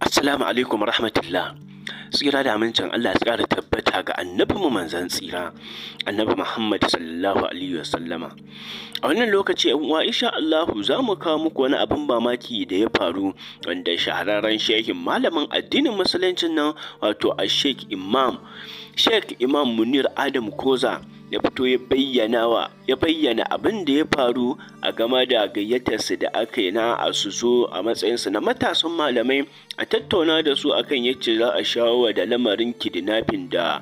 Assalamu alaikum rahmatullah. Tsira da amincin Allah ya ƙara tabbata ga annabi mu manzan tsira, annabi Muhammad sallallahu alaihi wa sallama. A wannan lokaci ‘yan uwa insha Allahu za mu kawo muku wani abin mamaki da ya faru wanda shahararren shehin malamin addinin Musulunci nan wato a Sheikh Imam Sheikh Imam Munir Adam Koza ya fito ya bayyana wa ya bayyana abin da ya faru a game da gayyatarsu da aka yi na a su zo a matsayinsu na matasan malamai a tattauna da su akan yacce za a shawo da lamarin kidnapping da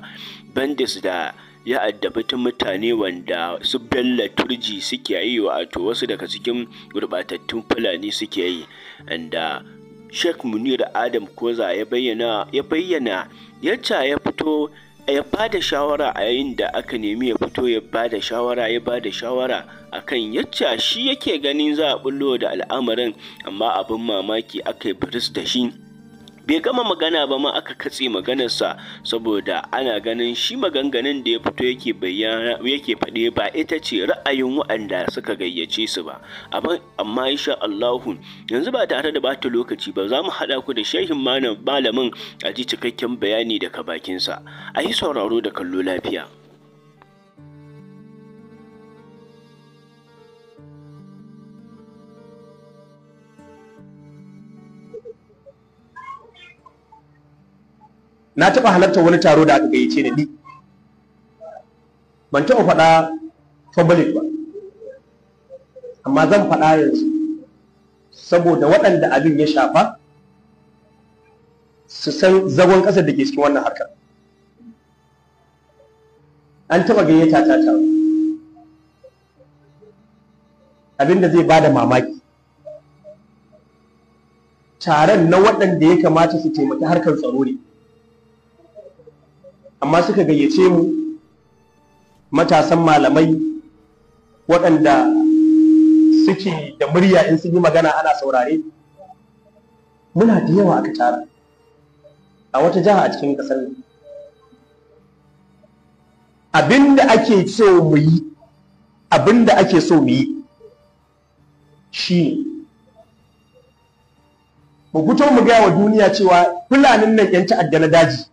bandits da ya addabi ta mutane wanda su bella turji suke yi wato wasu daga cikin gurbatattun fulani suke yi inda uh, sheikh munir adam koza ya bayyana ya bayyana yacca ya fito ya bada shawara a yayin da aka nemi ya fito ya bada shawara ya ba da shawara kan yacca shi yake ganin za a bullo da al'amarin amma abin mamaki aka yi da shi bai gama magana ba ma aka katse maganarsa saboda ana ganin shi maganganun da ya fito yake bayyana yake faɗe ba ita ce ra'ayin wa'anda suka gayyace su ba amma insha Allahu yanzu ba tare da bata lokaci ba za mu haɗa ku da shehin malamin a ji cikakken bayani daga bakinsa a yi sauraro da kallo lafiya na taɓa halartar wani taro da aka gayyace ni ban taɓa faɗa public ba amma zan faɗa yanzu saboda waɗanda abin ya shafa su san zagon ƙasar da ke cikin wannan harkar an taɓa gayyata ta taro abinda zai ba da mamaki taron na waɗanda ya kamata su taimaki harkar tsaro ne amma suka gayyace mu matasan malamai waɗanda suke da murya in sun yi magana ana saurare muna da yawa aka tara a wata jiha a cikin ƙasar nan abinda ake so mu yi abinda ake so mu yi shi mu fito mu gaya wa duniya cewa fulanin nan 'yan ta'adda na daji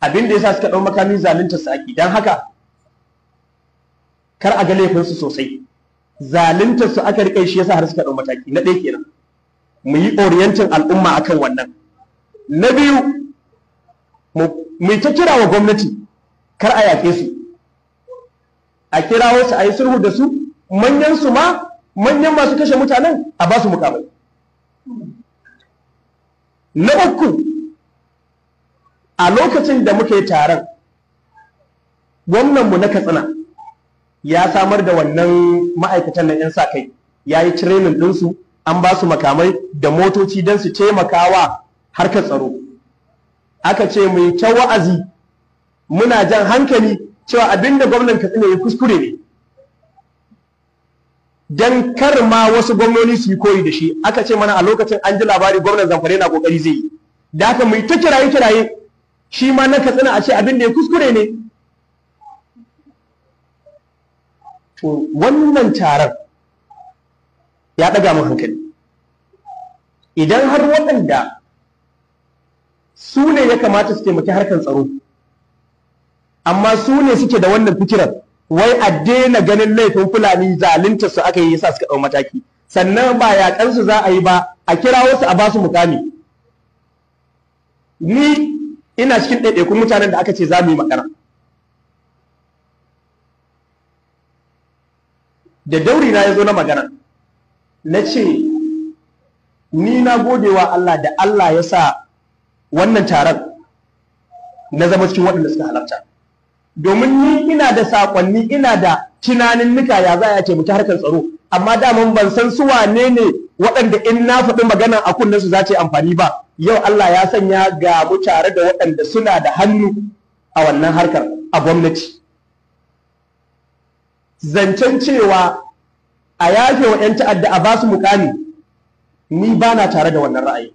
abin da yasa suka dau makami zalunta su aki dan haka kar a ga laifinsu sosai zalunta su aka rike shi yasa har suka dau mataki na ɗaya kenan mu yi orientin al'umma akan wannan na biyu mu ta kira wa gwamnati kar a yaƙe su a kira su a yi sulhu da su manyan su ma manyan masu kashe mutanen a ba su mukamai na uku a lokacin da muka yi taron gwamnanmu na katsina ya samar da wannan ma'aikatan na 'yan sa kai ya yi tirenin ɗinsu an ba su makamai da motoci don su taimaka wa harkar tsaro aka ce mu ta wa'azi muna jan hankali cewa abinda gwamnan katsina ya kuskure ne don kar ma wasu gwamnoni su yi koyi da shi aka ce mana a lokacin an ji labari gwamnan zamfare na kokari zai yi da aka mu ta kiraye kiraye shi ma na katsina a ce abin da ya kuskure ne wannan taron ya ɗaga mu hankali idan har waɗanda su ne ya kamata su taimaki harkar tsaro amma su ne suke da wannan fikirar wai a daina ganin laifin fulani zalunta su aka yi yasa suka ɗau mataki sannan ba yaƙansu za a yi ba a kira wasu a ba su mukami ni ina cikin ɗaiɗaikun mutanen da aka ce za mu yi magana da dauri na ya zo na magana na ce ni na gode wa Allah da Allah ya sa wannan taron na zama cikin waɗanda suka halarta domin ni ina da saƙonni ina da tunanin nika ya za a ce mutu harkar tsaro amma daman ban san su wane ne waɗanda in na faɗi magana a kunnen su za ta yi amfani ba yau Allah ya sanya ga mu tare da waɗanda suna da hannu a wannan harkar a gwamnati zancen cewa a yafe wa 'yan ta'adda a basu mukami ni ba na tare da wannan ra'ayi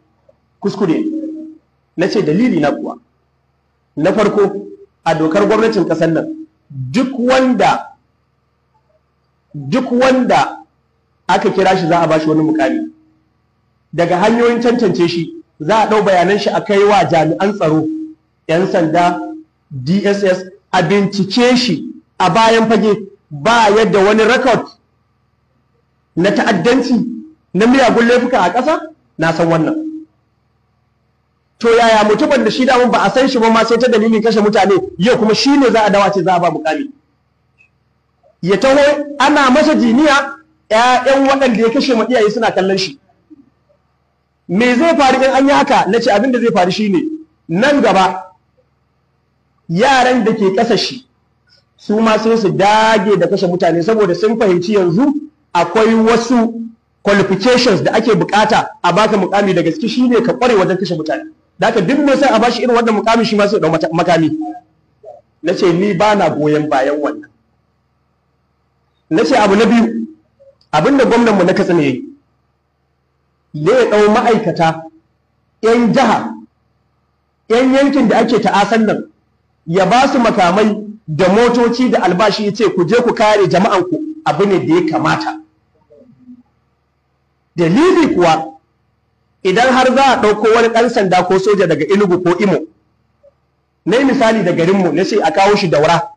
kuskure na ce dalili na kuwa na farko a dokar gwamnatin ƙasar nan duk wanda duk wanda aka kira shi za a bashi wani mukami daga hanyoyin cancance shi za a ɗau bayanan shi a kai wa jami'an tsaro 'yan sanda dss a bincike shi a bayan fage ba yadda wani rekod na ta'addanci na miyagun laifuka a ƙasa na san wannan to yaya mutumin da shi damun ba a san shi ba ma sai ta dalilin kashe mutane yau kuma shi ne za a dawa ce za a ba mukami ya taho ana masa jiniya 'ya'yan waɗanda ya kashe ma iyaye suna kallon shi me zai faru in an yi haka na ce abin da zai faru shine nan gaba yaran da ke ƙasa shi su ma sai su dage da kashe mutane saboda sun fahimci yanzu akwai wasu qualifications da ake bukata a baka mukami da gaske shine ka kware wajen kashe mutane da haka duk mai sai a bashi irin wannan mukami shi ma dau makami na ce ni ba na goyon bayan wannan na ce abu na biyu abinda gwamnan mu na katsina yayi ya ya ɗau ma'aikata 'yan jiha 'yan yankin da ake ta'asan nan ya ba su makamai da motoci da albashi ya ce ku je ku kare jama'anku abu ne da ya kamata dalili kuwa idan har za a ɗauko wani ɗan sanda ko soja daga inugu ko imo na yi misali da garinmu na ce a kawo shi daura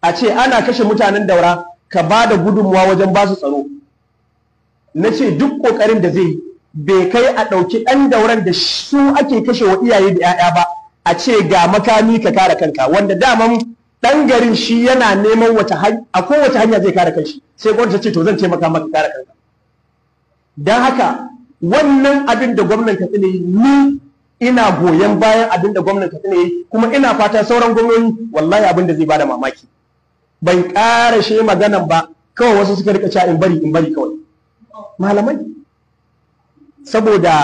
a ce ana kashe mutanen daura ka ba da gudunmuwa wajen ba su tsaro na ce duk ƙoƙarin da zai bai kai a ɗauki ɗan dauran da su ake kashe wa iyaye da 'ya'ya ba a ce ga makami ka kare kanka wanda daman ɗan garin shi yana neman wata a kowace hanya zai kare kanshi sai gwamnati ta ce to zan taimaka maka kare kanka don haka wannan abin da gwamnan ka tsine ni ina goyon bayan abin da gwamnan ka tsine kuma ina fata sauran gwamnoni wallahi abin da zai bada mamaki ban ƙara shi maganan ba kawai wasu suka rika cha in bari in bari kawai malamai saboda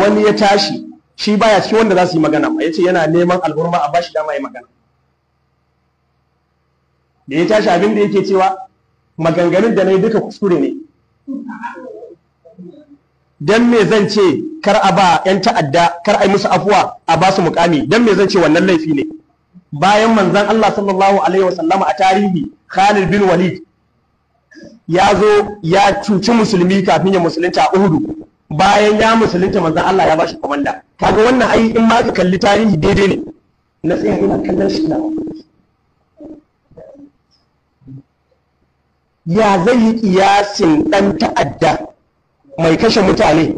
wani ya tashi shi baya cikin wanda za su yi magana ya ce yana neman alburma a bashi dama ya magana da ya tashi abin da yake cewa maganganun da na yi duka kuskure ne Don me zan ce kar a ba 'yan ta'adda kar a yi musu afuwa a ba su mukami don me zan ce wannan laifi ne bayan manzan Allah sallallahu alaihi wasallama a tarihi Khalid bin Walid ya zo ya cuci musulmi kafin ya musulunta a Uhudu. bayan ya musulunta manzan Allah ya bashi komanda kaga wannan ai in ma ka kalli tarihi daidai ne na tsaye ina kallon shi na ya zai yi kiyasin ɗan ta'adda mai kashe mutane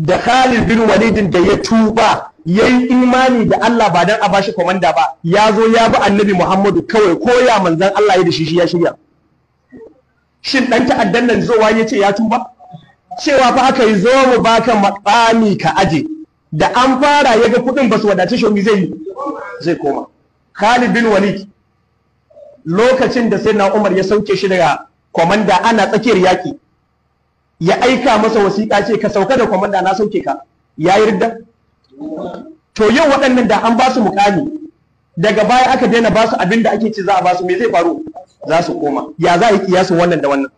da Khalid bin Walidin da ya tuba ya yi imani da Allah ba don a shi kwamanda ba ya zo ya bi annabi Muhammadu kawai koya manzan Allah ya da shi shi ya shirya shin ɗan ta'addan nan zowa ya ce ya tuba cewa fa aka yi zo mu baka makami ka aje da an fara ya ga kuɗin ba su wadace shi zai yi zai koma Khalid bin Walid lokacin da sai na Umar ya sauke shi daga kwamanda ana tsakiyar yaki ya aika masa wasiƙa ce ka sauka da kwamanda, na sauke ka ya yarda to yau waɗannan da an ba su mukami daga baya aka daina ba su abin da ake ce za a ba su me zai faru za su koma ya za a yi kiyasun wannan da wannan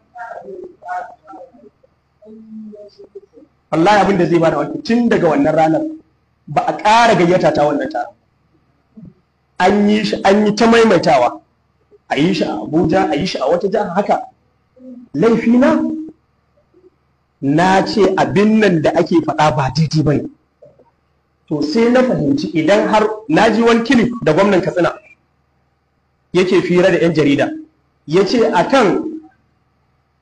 Allah abin da zai da wata tun daga wannan ranar ba a ƙara gayyata ta wannan ta. an yi shi an yi ta maimaitawa a yi shi a Abuja a yi shi a wata jihar haka laifina na ce abin nan da ake faɗa ba daidai bane to sai na fahimci idan har na ji wani kilif da gwamnan katsina yake fira da 'yan jarida ya ce a kan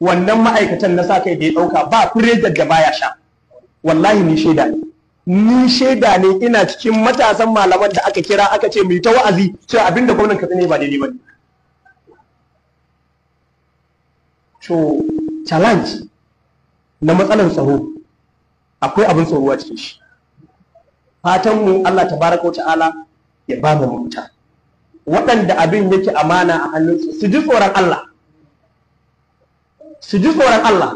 wannan ma'aikatan na sa kai da ya ɗauka ba furejar da baya sha wallahi ni shaida ni shaida ne ina cikin matasan malaman da aka kira aka ce mai ta wa'azi cewa abin da gwamnan katsina ba daidai ba ne to challenge na matsalar tsaro akwai abin tsoro a cikin shi fatan mu Allah tabaraka wa ta'ala ya ba mu mutunta waɗanda abin yake amana a hannunsu su ji tsoron Allah su ji tsoron Allah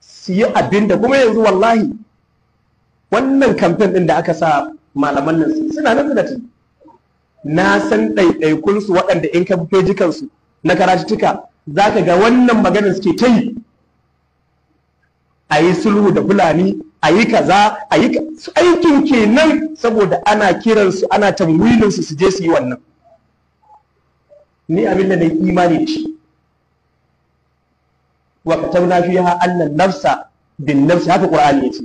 su yi abin da kuma yanzu wallahi wannan kamfen ɗin da aka sa malaman nan suna nan suna na san ɗaiɗaikunsu waɗanda in ka feji su na karatuttuka za ka ga wannan maganar suke ta yi a yi sulhu da fulani a yi kaza a yi aikin kenan saboda ana kiransu ana tamwilin su je su yi wannan ni abin da na imani da shi wa katabna fiha nafsa bin nafsi haka qur'ani yace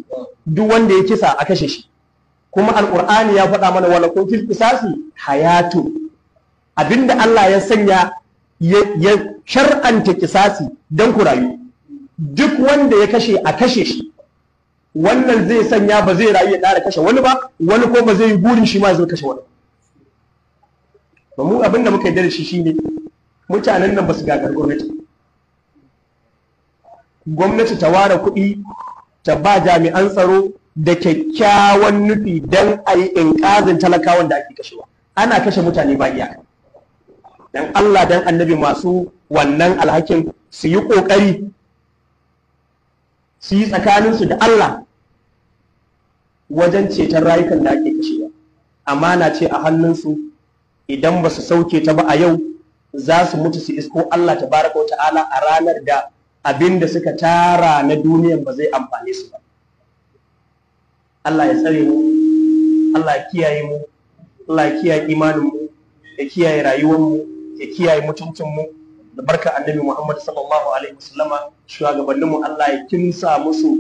duk wanda ya kisa a kashe shi kuma alqur'ani ya faɗa mana wala kun fil qisasi hayatu abinda Allah ya sanya ya shar'anta kisasi don ku rayu duk wanda ya kashe a kashe shi wannan zai sanya ba zai rayu ya ƙara kashe wani ba wani ko ba zai yi burin shi ma zai kashe wani ba mu abin muka yi da shi ne, mutanen nan ba su gagar gwamnati gwamnati ta ware kuɗi ta ba jami'an tsaro da kyakkyawan nufi don a yi inƙazin talakawan da ake kashewa ana kashe mutane ba iyaka dan Allah dan annabi masu wannan alhakin su yi ƙoƙari su yi tsakaninsu da Allah wajen ceton rayukan da ake kashewa amana ce a hannunsu idan ba su sauke ta ba a yau za su mutu su isko Allah baraka wa ta'ala a ranar da abin da suka tara na duniyan ba zai amfane su ba Allah ya tsare mu Allah ya kiyaye mu Allah ya kiyaye imanin ya kiyaye rayuwar mu ya kiyaye mutuncin mu da barka annabi Muhammad sallallahu alaihi wasallama shugabannin mu Allah ya kinsa musu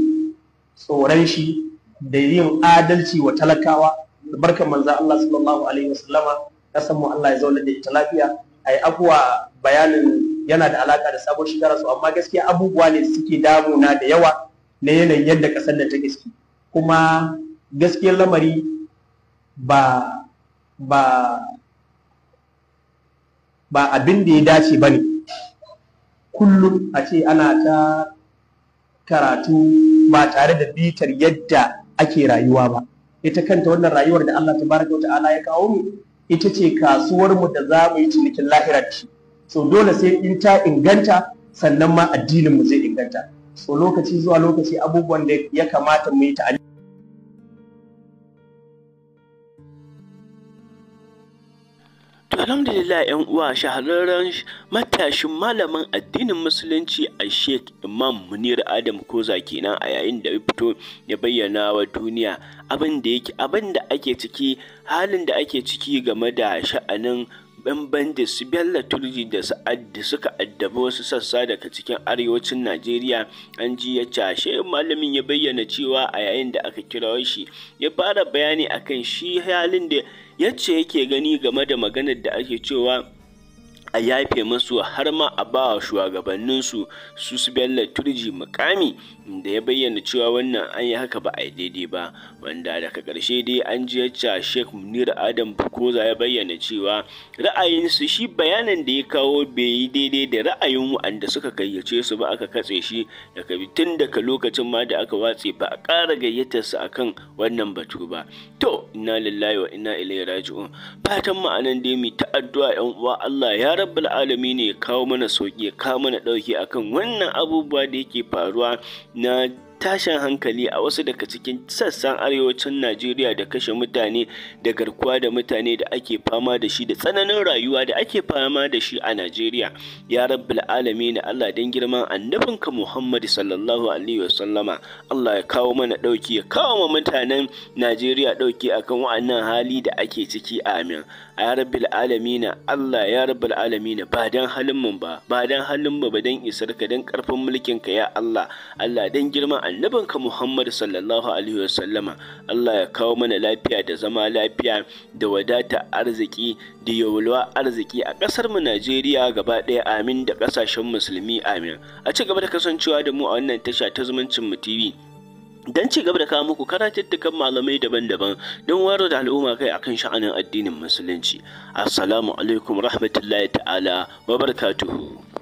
tsoron shi da yin adalci wa talakawa da barka manzo Allah sallallahu alaihi wasallama kasan mu Allah ya zauna da ita lafiya ai abuwa bayanin yana da alaka da sabon shigara su amma gaskiya abubuwa ne suke damu na da yawa na yanayin yadda kasar da ta gaske kuma gaskiyar lamari ba ba ba abin da ya dace ba ne kullum a ce ana ta karatu ba tare da bitar yadda ake rayuwa ba ita kanta wannan rayuwar da Allah Ta baraka ta'ala ya kawo mu ita ce kasuwarmu da za mu yi cinikin lahirar shi so dole sai in ta inganta sannan ma addinin mu zai inganta so lokaci zuwa lokaci abubuwan da ya kamata mu yi ta'ali To alhamdulillah ƴan uwa shahararren matashin malamin addinin musulunci a Sheikh Imam Munir Adam Koza kenan a yayin da ya fito ya bayyana wa duniya abin da yake abin da ake ciki halin da ake ciki game da sha'anin bamban da su bello turji da sa'adda suka addabi wasu sassa daga cikin arewacin najeriya an ji ya cashe malamin ya bayyana cewa a yayin da aka kira shi ya fara bayani akan shi halin da yace yake gani game da maganar da ake cewa a yafe masu har ma a ba wa shugabanninsu su su bello turji mukami da ya bayyana cewa wannan an yi haka ba a yi daidai ba wanda daga karshe dai an ji yacca sheikh munir adam bukoza ya bayyana cewa ra'ayinsu shi bayanin da ya kawo bai yi daidai da ra'ayin wa'anda suka gayyace su ba aka katse shi daga tun daga lokacin ma da aka watse ba a ƙara gayyatarsa akan wannan batu ba to inna lillahi wa inna ilaihi raji'un fatan ma'anan dai mu ta addu'a yan uwa Allah ya rabbul alami ne ya kawo mana sauki ya kawo mana ɗauki akan wannan abubuwa da yake faruwa na tashin hankali a wasu daga cikin sassan arewacin Najeriya da kashe mutane da garkuwa da mutane da ake fama da shi da tsananin rayuwa da ake fama da shi a Najeriya. Ya rabbul na Allah dan girman annabinka Muhammad sallallahu alaihi wasallama Allah ya kawo mana ɗauki ya kawo ma mutanen Najeriya a akan wa'annan hali da ake ciki amin. Ya rabbul na Allah ya rabbul na ba dan halin mu ba ba dan halin mu ba dan isarka dan karfin mulkin ka ya Allah Allah dan girman annabinka Muhammad sallallahu alaihi wasallama Allah ya kawo mana lafiya da zama lafiya da wadata arziki da yawalwa arziki a ƙasar mu Najeriya gaba ɗaya amin da ƙasashen musulmi amin a ci gaba da kasancewa da mu a wannan tasha ta zumuncin mu TV don ci gaba da kawo muku karatuttukan malamai daban-daban don wayar da al'umma kai akan sha'anin addinin musulunci assalamu alaikum rahmatullahi ta'ala wa barakatuhu